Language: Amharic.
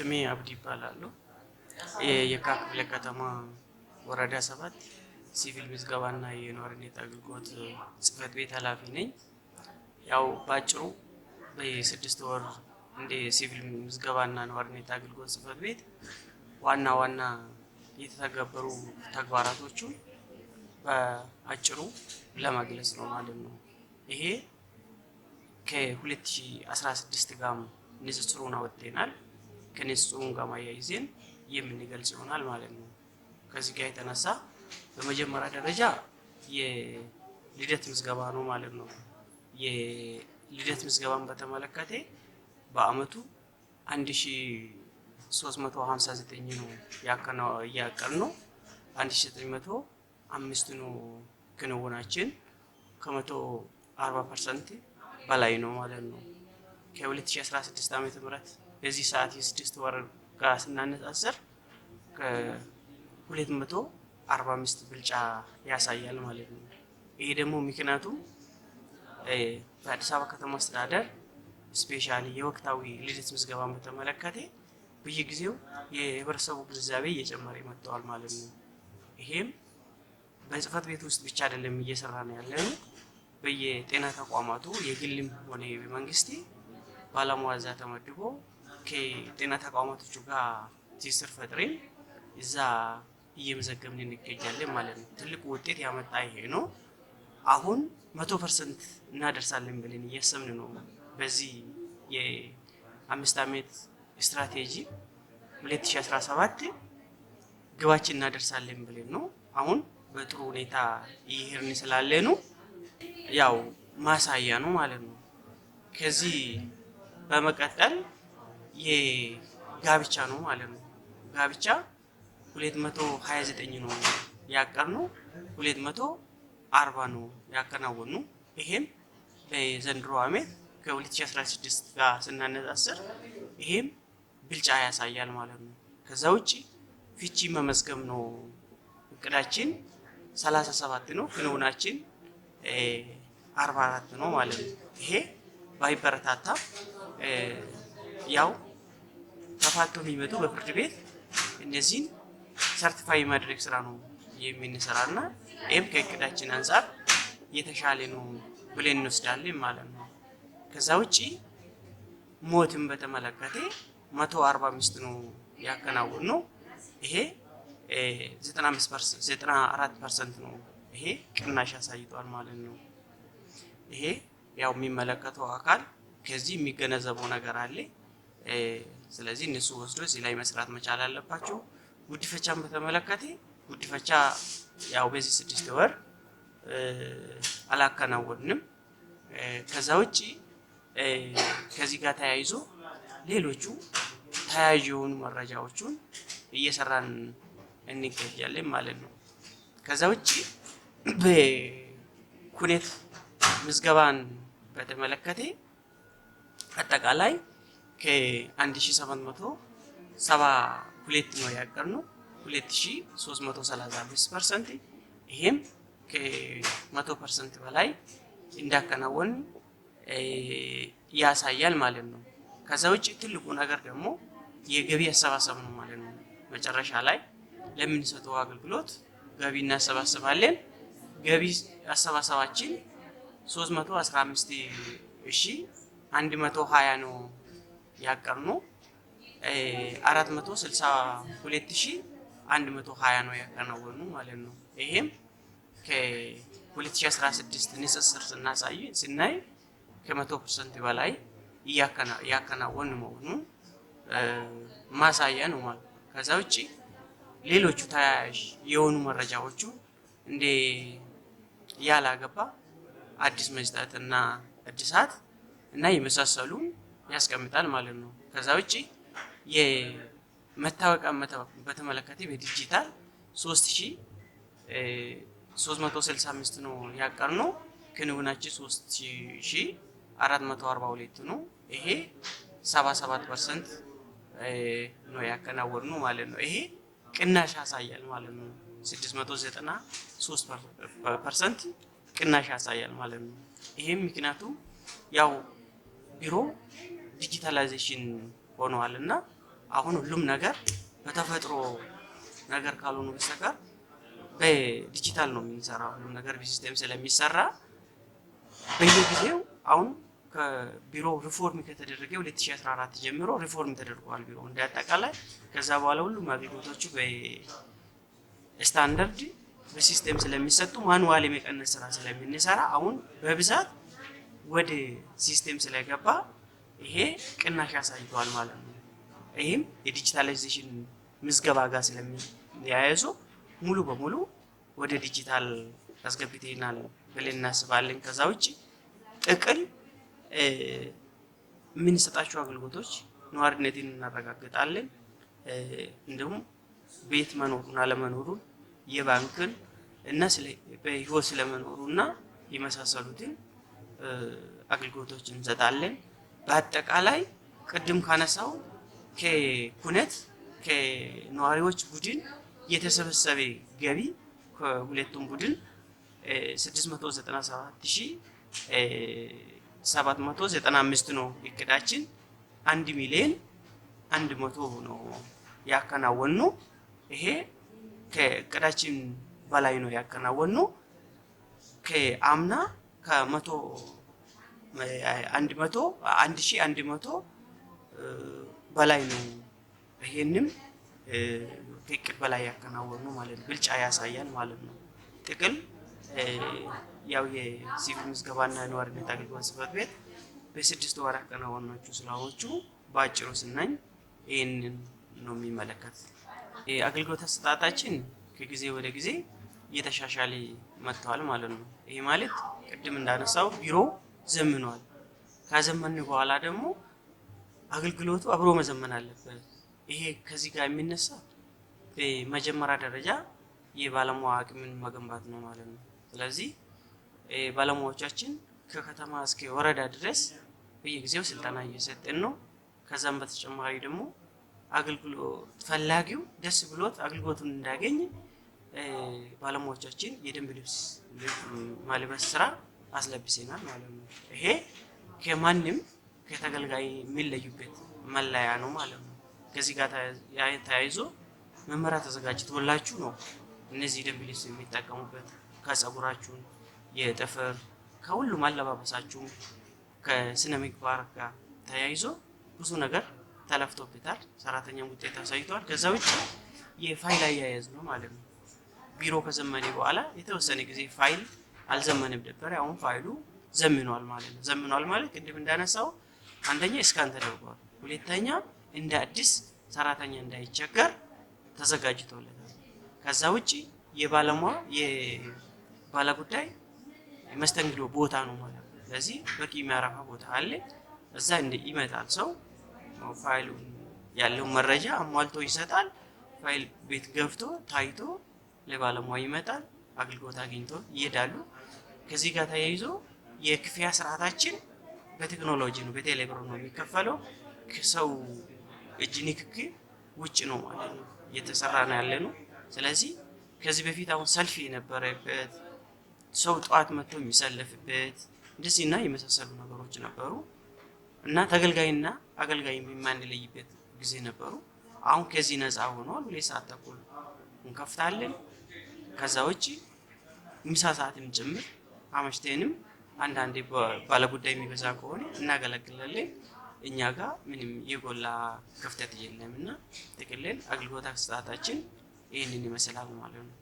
ስሜ አብዲ ይባላሉ። የካ ክፍለ ከተማ ወረዳ ሰባት ሲቪል ምዝገባና የነዋሪነት አገልግሎት ጽህፈት ቤት ኃላፊ ነኝ። ያው በአጭሩ በስድስት ወር እንደ ሲቪል ምዝገባና ነዋሪነት አገልግሎት ጽህፈት ቤት ዋና ዋና የተተገበሩ ተግባራቶቹ በአጭሩ ለመግለጽ ነው ማለት ነው። ይሄ ከ2016 ጋር ንጽጽሩን አወጥተናል። ከኔስ ጾሙን ጋር ማያይዜን የምንገልጽ ይሆናል ማለት ነው። ከዚህ ጋር የተነሳ በመጀመሪያ ደረጃ የልደት ምዝገባ ነው ማለት ነው። የልደት ምዝገባን በተመለከተ በአመቱ 1359 ነው ያቀል ነው 1905 ነው ክንውናችን ከመቶ 40 ፐርሰንት በላይ ነው ማለት ነው። ከ2016 ዓመተ ምህረት የዚህ ሰዓት የስድስት ወር ጋር ስናነጻጽር ሁለት መቶ አርባ አምስት ብልጫ ያሳያል ማለት ነው። ይሄ ደግሞ ምክንያቱም በአዲስ አበባ ከተማ አስተዳደር ስፔሻሊ የወቅታዊ ልደት ምዝገባን በተመለከተ በየጊዜው የህብረተሰቡ ግንዛቤ እየጨመረ መጥተዋል ማለት ነው። ይሄም በጽህፈት ቤት ውስጥ ብቻ አይደለም እየሰራ ነው ያለው። በየጤና ተቋማቱ የግልም ሆነ የመንግስት ባለሙያ እዛ ተመድቦ ከጤና ተቋማቶቹ ጋር ትስስር ፈጥሬን እዛ እየመዘገብን እንገኛለን ማለት ነው። ትልቁ ውጤት ያመጣ ይሄ ነው። አሁን መቶ ፐርሰንት እናደርሳለን ብለን እያሰብን ነው። በዚህ የአምስት ዓመት ስትራቴጂ 2017 ግባችን እናደርሳለን ብለን ነው። አሁን በጥሩ ሁኔታ እየሄድን ስላለ ነው። ያው ማሳያ ነው ማለት ነው። ከዚህ በመቀጠል የጋብቻ ነው ማለት ነው። ጋብቻ 229 ነው ያቀርነው፣ 240 ነው ያከናወኑ። ይሄም በዘንድሮ ዓመት ከ2016 ጋር ስናነጻጽር ይሄም ብልጫ ያሳያል ማለት ነው። ከዛ ውጭ ፍቺ መመዝገብ ነው እቅዳችን 37 ነው፣ ክንውናችን 44 ነው ማለት ነው። ይሄ ባይበረታታ ያው ተፋቶ የሚመጡ በፍርድ ቤት እነዚህን ሰርቲፋይ ማድረግ ስራ ነው የምንሰራ እና ይህም ከእቅዳችን አንጻር የተሻለ ነው ብለን እንወስዳለን ማለት ነው። ከዛ ውጭ ሞትን በተመለከተ መቶ አርባ አምስት ነው ያከናውን ነው ይሄ ዘጠና አራት ፐርሰንት ነው ይሄ ቅናሽ ያሳይቷል ማለት ነው። ይሄ ያው የሚመለከተው አካል ከዚህ የሚገነዘበው ነገር አለ። ስለዚህ እነሱ ወስዶ እዚህ ላይ መስራት መቻል አለባቸው። ጉድፈቻን በተመለከተ ጉድፈቻ ያው በዚህ ስድስት ወር አላከናወንም። ከዛ ውጭ ከዚህ ጋር ተያይዞ ሌሎቹ ተያያዥ የሆኑ መረጃዎቹን እየሰራን እንገኛለን ማለት ነው። ከዛ ውጭ በኩኔት ምዝገባን በተመለከተ አጠቃላይ ከ1772 ነው ያቀርነው 2335 ፐርሰንት ይሄም ከ100 ፐርሰንት በላይ እንዳከናወን ያሳያል ማለት ነው። ከዛ ውጭ ትልቁ ነገር ደግሞ የገቢ አሰባሰብ ነው ማለት ነው። መጨረሻ ላይ ለምንሰጠው አገልግሎት ገቢ እናሰባስባለን። ገቢ አሰባሰባችን 315 ሺህ 120 ነው። ያቀርነው 462120 ነው ያከናወኑ ማለት ነው። ይሄም ከ2016 ንጽስር ስናሳይ ስናይ ከመቶ ፐርሰንት በላይ እያከናወን መሆኑ ማሳያ ነው ማለት ነው። ከዛ ውጭ ሌሎቹ ተያያዥ የሆኑ መረጃዎቹ እንደ ያላገባ አዲስ መስጠትና እድሳት እና የመሳሰሉ ያስቀምጣል ማለት ነው። ከዛ ውጭ የመታወቂያ መታወቅ በተመለከተ በዲጂታል 3365 ነው ያቀር ነው ክንውናችን 3442 ነው። ይሄ 77 ፐርሰንት ነው ያከናወን ነው ማለት ነው። ይሄ ቅናሽ ያሳያል ማለት ነው። 693 ፐርሰንት ቅናሽ ያሳያል ማለት ነው። ይሄም ምክንያቱ ያው ቢሮ ዲጂታላይዜሽን ሆነዋል እና አሁን ሁሉም ነገር በተፈጥሮ ነገር ካልሆኑ በስተቀር በዲጂታል ነው የምንሰራ። ሁሉም ነገር በሲስተም ስለሚሰራ በየጊዜው አሁን ከቢሮ ሪፎርም ከተደረገ 2014 ጀምሮ ሪፎርም ተደርጓል ቢሮ እንደ አጠቃላይ። ከዛ በኋላ ሁሉም አገልግሎቶቹ በስታንዳርድ በሲስተም ስለሚሰጡ ማንዋል የመቀነስ ስራ ስለምንሰራ አሁን በብዛት ወደ ሲስተም ስለገባ ይሄ ቅናሽ ያሳይተዋል ማለት ነው። ይህም የዲጂታላይዜሽን ምዝገባ ጋር ስለሚያያዙ ሙሉ በሙሉ ወደ ዲጂታል አስገቢቴና ብለን እናስባለን። ከዛ ውጭ ጥቅል የምንሰጣቸው አገልግሎቶች ነዋሪነትን እናረጋግጣለን። እንዲሁም ቤት መኖሩን አለመኖሩን፣ የባንክን እና በህይወት ስለመኖሩ እና የመሳሰሉትን አገልግሎቶች እንሰጣለን። በአጠቃላይ ቅድም ካነሳው ከኩነት ከነዋሪዎች ቡድን የተሰበሰበ ገቢ ከሁለቱም ቡድን 697795 ነው እቅዳችን። አንድ ሚሊዮን አንድ መቶ ነው ያከናወን ነው። ይሄ ከእቅዳችን በላይ ነው ያከናወን ነው። ከአምና ከመቶ አንድ መቶ አንድ ሺህ አንድ መቶ በላይ ነው። ይሄንም ከእቅድ በላይ ያከናወኑ ማለት ነው፣ ብልጫ ያሳያል ማለት ነው። ጥቅል ያው የሲቪል ምዝገባና ነዋሪነት አገልግሎት ጽሕፈት ቤት በስድስት ወር ያከናወናቸው ስራዎቹ በአጭሩ ስናኝ ይህንን ነው የሚመለከት። አገልግሎት አሰጣጣችን ከጊዜ ወደ ጊዜ እየተሻሻለ መጥተዋል ማለት ነው። ይሄ ማለት ቅድም እንዳነሳው ቢሮ ዘምኗል። ካዘመን በኋላ ደግሞ አገልግሎቱ አብሮ መዘመን አለበት። ይሄ ከዚህ ጋር የሚነሳ በመጀመሪያ ደረጃ የባለሙያ አቅምን መገንባት ነው ማለት ነው። ስለዚህ ባለሙያዎቻችን ከከተማ እስከ ወረዳ ድረስ በየጊዜው ስልጠና እየሰጠን ነው። ከዛም በተጨማሪ ደግሞ አገልግሎት ፈላጊው ደስ ብሎት አገልግሎቱን እንዳገኝ ባለሙያዎቻችን የደንብ ልብስ ማልበስ ስራ አስለብሴናል ማለት ነው። ይሄ ከማንም ከተገልጋይ የሚለዩበት መለያ ነው ማለት ነው። ከዚህ ጋር ተያይዞ መመሪያ ተዘጋጅቶላችሁ ነው እነዚህ ደንብ ልብስ የሚጠቀሙበት ከጸጉራችሁን፣ የጥፍር ከሁሉም አለባበሳችሁ ከስነ ምግባር ጋር ተያይዞ ብዙ ነገር ተለፍቶበታል። ሰራተኛም ውጤት አሳይተዋል። ከዛ ውጭ የፋይል አያያዝ ነው ማለት ነው። ቢሮ ከዘመኔ በኋላ የተወሰነ ጊዜ ፋይል አልዘመንም ነበር። አሁን ፋይሉ ዘምኗል ማለት ነው። ዘምኗል ማለት ቅድም እንዳነሳው አንደኛ እስካን ተደርጓል፣ ሁለተኛ እንደ አዲስ ሰራተኛ እንዳይቸገር ተዘጋጅቶለታል። ከዛ ውጭ የባለሙያ የባለጉዳይ መስተንግዶ ቦታ ነው ማለት ነው። ስለዚህ በቂ የሚያረፋ ቦታ አለ። እዛ ይመጣል ሰው ፋይሉ ያለውን መረጃ አሟልቶ ይሰጣል። ፋይል ቤት ገብቶ ታይቶ ለባለሙያ ይመጣል። አገልግሎት አግኝቶ ይሄዳሉ። ከዚህ ጋር ተያይዞ የክፍያ ስርዓታችን በቴክኖሎጂ ነው፣ በቴሌብር ነው የሚከፈለው። ከሰው እጅ ንክክ ውጭ ነው ማለት ነው እየተሰራ ነው ያለ ነው። ስለዚህ ከዚህ በፊት አሁን ሰልፍ የነበረበት ሰው ጠዋት መጥቶ የሚሰለፍበት እንደዚህ እና የመሳሰሉ ነገሮች ነበሩ እና ተገልጋይና አገልጋይ የማንለይበት ጊዜ ነበሩ። አሁን ከዚህ ነፃ ሆኗል። ሁሌ ሰዓት ተኩል እንከፍታለን። ከዛ ውጭ ምሳ ሰዓትም ጭምር አመሽተንም አንዳንዴ ባለጉዳይ የሚበዛ ከሆነ እናገለግላለን። እኛ ጋር ምንም የጎላ ክፍተት የለም እና ጥቅልል አገልግሎት አሰጣጣችን ይህንን ይመስላል ማለት ነው።